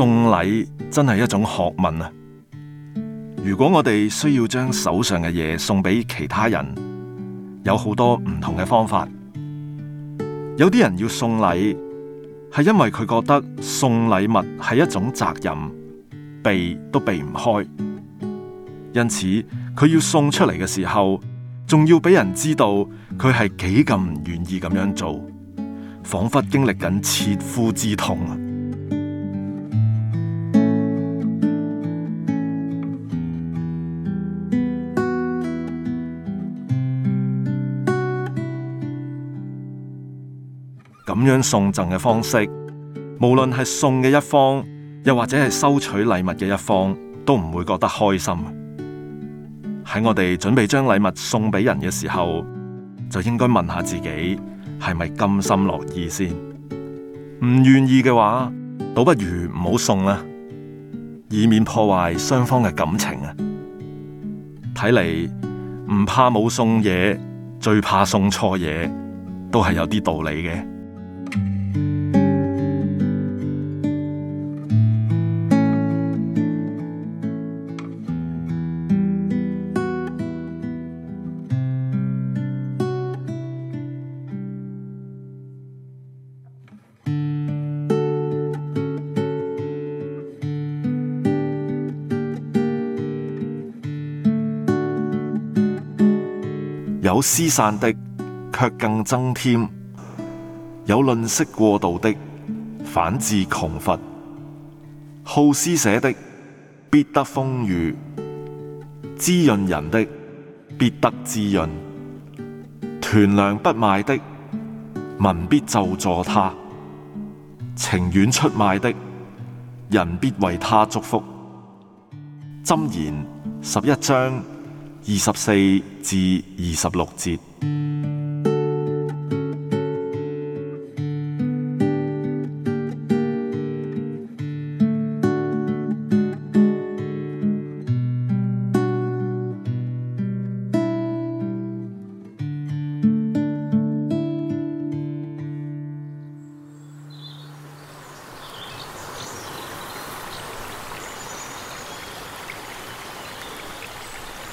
送禮真係一種學問啊！如果我哋需要將手上嘅嘢送俾其他人，有好多唔同嘅方法。有啲人要送禮，係因為佢覺得送禮物係一種責任，避都避唔開，因此佢要送出嚟嘅時候，仲要俾人知道佢係幾咁唔願意咁樣做，仿佛經歷緊切膚之痛。咁樣送贈嘅方式，無論係送嘅一方，又或者係收取禮物嘅一方，都唔會覺得開心。喺我哋準備將禮物送俾人嘅時候，就應該問下自己係咪甘心樂意先。唔願意嘅話，倒不如唔好送啦，以免破壞雙方嘅感情啊！睇嚟，唔怕冇送嘢，最怕送錯嘢，都係有啲道理嘅。有施散的，卻更增添；有吝惜過度的，反致窮乏；好施捨的，必得豐裕，滋潤人的，必得滋潤；屯糧不賣的，民必咒詛他；情願出賣的，人必為他祝福。箴言十一章。二十四至二十六節。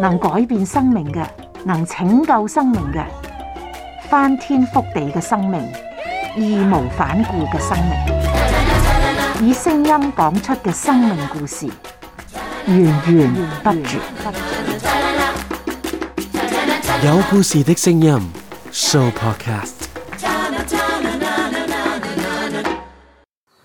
能改變生命嘅，能拯救生命嘅，翻天覆地嘅生命，義無反顧嘅生命，以聲音講出嘅生命故事，源源不絕。有故事的聲音，Show Podcast。